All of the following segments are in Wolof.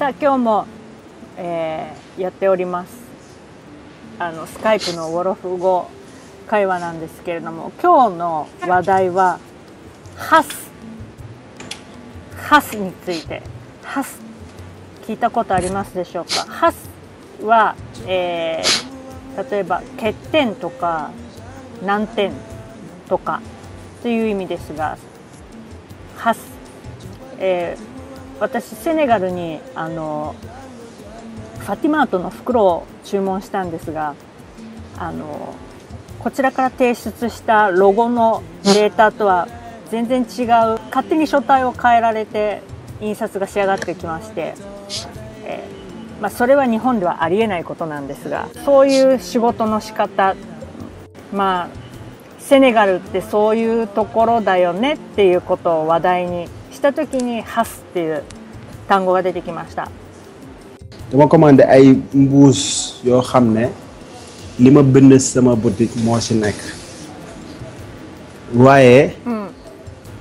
さあ今日も、えー、やっておりますあのスカイプのウォロフ語会話なんですけれども今日の話題は「ハス」「ハス」について「ハス」聞いたことありますでしょうか「ハスは」えー、例えば欠点とか難点とかという意味ですが「ハス」えー私セネガルにあのファティマートの袋を注文したんですがあのこちらから提出したロゴのデータとは全然違う勝手に書体を変えられて印刷が仕上がってきまして、えー、まあ、それは日本ではありえないことなんですがそういう仕事の仕方まあセネガルってそういうところだよねっていうことを話題に dama commandé ay mbuus yoo xam ne li ma bind sama boutique moo ci nekk waaye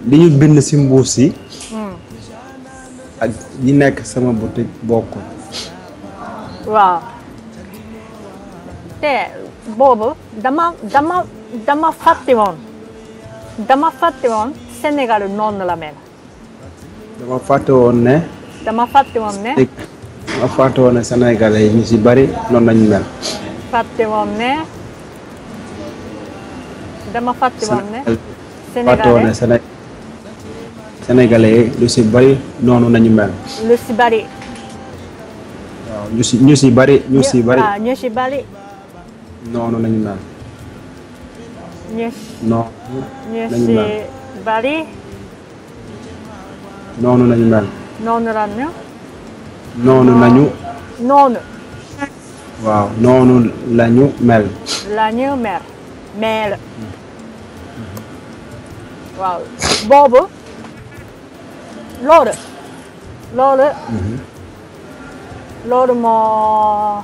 li ñu bind ci mbuus yi ak yi nekk sama boutique bokkul waaw te boobu dama dama dama fàtte woon dama noonu la mel dama fàtte woon ne. dama fàtte woon ne. dama fàtte woon yi ñu si bari noonu nañu mel. fàtte woon ne. dama fàtte woon ne. Sénégalais lu ci bari noonu nañu mel. lu si bari. waaw ñu si bari. ñu ci bari waaw si bari. noonu nañu mel. ñu noonu ñu si bari. noonu nañu mel. noonu lan la. noonu nañu. noonu. lañu mel. lañu mel. meel. Mhm. boobu loolu. Mhm. loolu. moo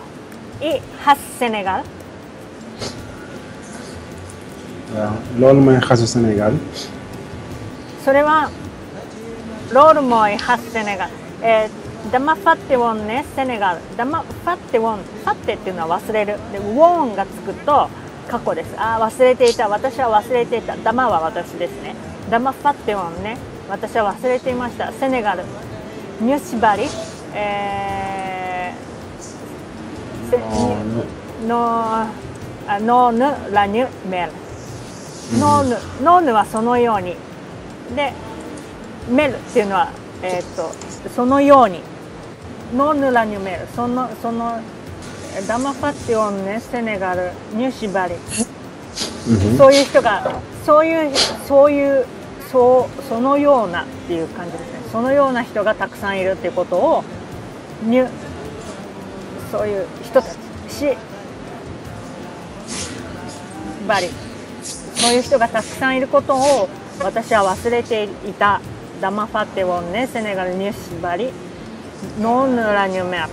i xas Sénégal. loolu mooy xasu Sénégal. loolu mooy xas Sénégal dama fàtte woon ne Sénégal dama fàtte woon fàtte っていうのは忘れるでウォンがつくと過去ですああ忘れていた私は忘れていたダマは私ですねダマファッテオンね私は忘れていましたセネガルニュシバリ、えー、ノーノーヌラニュメルノーヌノーヌはそのようにでメルっていうのは、えーと、とそのようにノヌラニュメルそのそのダマファッティオンねセネガルニュシバリ、うん、そういう人がそういうそういうそうそのようなっていう感じですねそのような人がたくさんいるっていうことをニュそういう人たちしバリそういう人がたくさんいることを私は忘れていた Dama fatti wonne Senegal News bari non lañu mer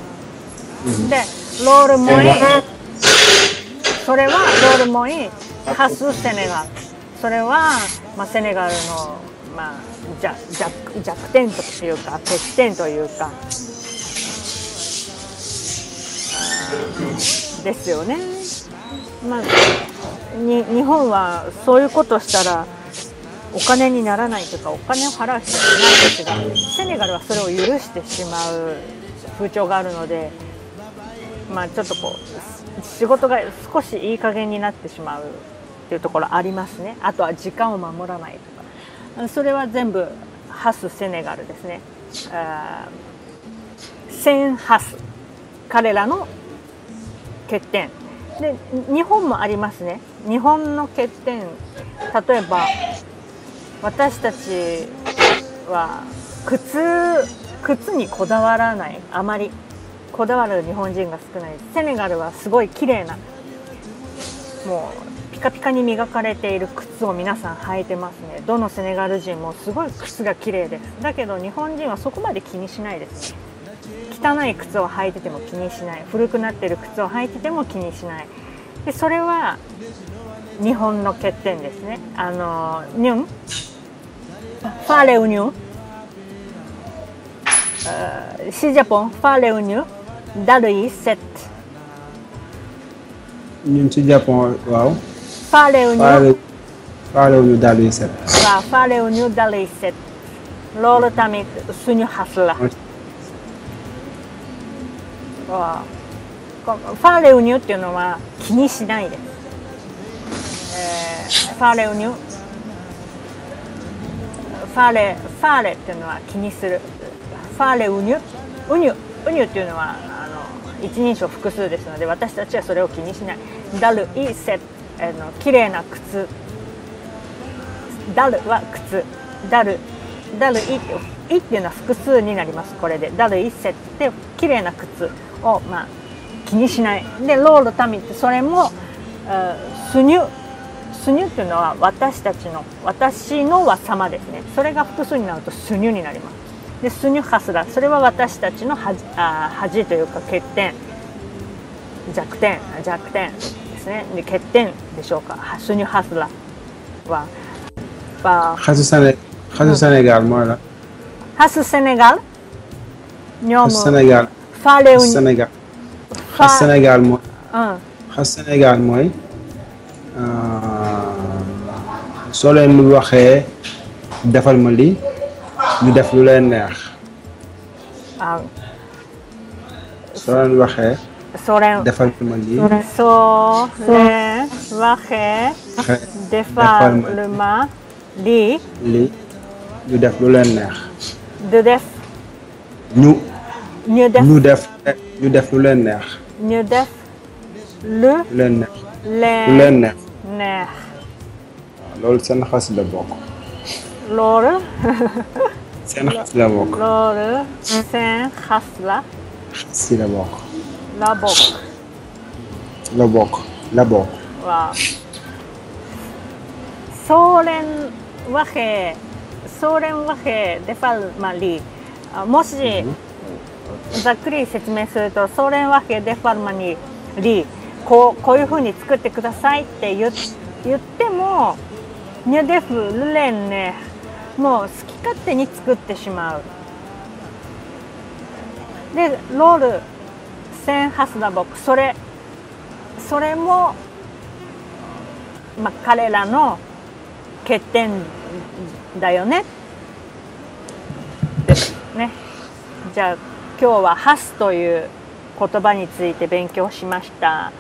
de loolu mooy それはロールもいいハスセネガルそれは、まあ、セネガルの、まあ、弱弱点というか欠点というかですよね。まあ、に日本はそういうことしたらお金にならないというかお金を払う必要ないですがセネガルはそれを許してしまう風潮があるので、まあ、ちょっとこう仕事が少しいい加減になってしまうっていうところありますねあとは時間を守らないとかそれは全部ハスセネガルですねセンハス彼らの欠点で日本もありますね日本の欠点例えば私たちは靴靴にこだわらないあまりこだわる日本人が少ないセネガルはすごい綺麗なもうピカピカに磨かれている靴を皆さん履いてますねどのセネガル人もすごい靴が綺麗ですだけど日本人はそこまで気にしないですね汚い靴を履いてても気にしない古くなってる靴を履いてても気にしないでそれは日本の欠点ですねあのニュン faalewuñu eh, si Japon faalewuñu dado yi set. ñu si Japon waaw. faalewuñu faalewuñu dado yi set. yi set loolu tamit suñu xas la. waaw faalewuñu te no ma kii nii si naay ファレファレっていうのは気にするファレウニュウニュウニュっていうのはあの一人称複数ですので私たちはそれを気にしないダルイセあの綺麗な靴ダルは靴ダルダルイってイっていうのは複数になりますこれでダルイセって綺麗な靴をまあ気にしないでロールタミってそれもスニュスニュっていうのは私たちの私のは様ですねそれが複数になるとスニュになりますでスニュハスラそれは私たちの恥あ恥というか欠点弱点弱点ですねで欠点でしょうかスニュハスラはハスセネハスセネガルマラハスセネガルニョムセネガルファレウニセネガルハスセネガルモハスセネガルモイあ soo leen waxee defal ma li ñu def lu leen neex. waaw. soo leen defal ma lii. soo leen waxee. defal ñu def lu leen neex. du def. ñu. def lu leen neex. ñu def lu. leen neex. loolu seen xas la bokk. lool seen xas la bokk. loolu seen xas la. si la bokk. la bokk. la bokk la bokk. waaw. soo leen waxee soo leen waxee defal ma lii moo mhm. si ざっくり説明するとソ連和平デファルマにリーこうこういうふうに作ってくださいって言っても ñu def lu leen neex もう好き勝手に作ってしまうでロール1000ハスダボックそれそれも、まあ、彼らの欠点だよねねじゃあ今日は「ハス」という言葉について勉強しました。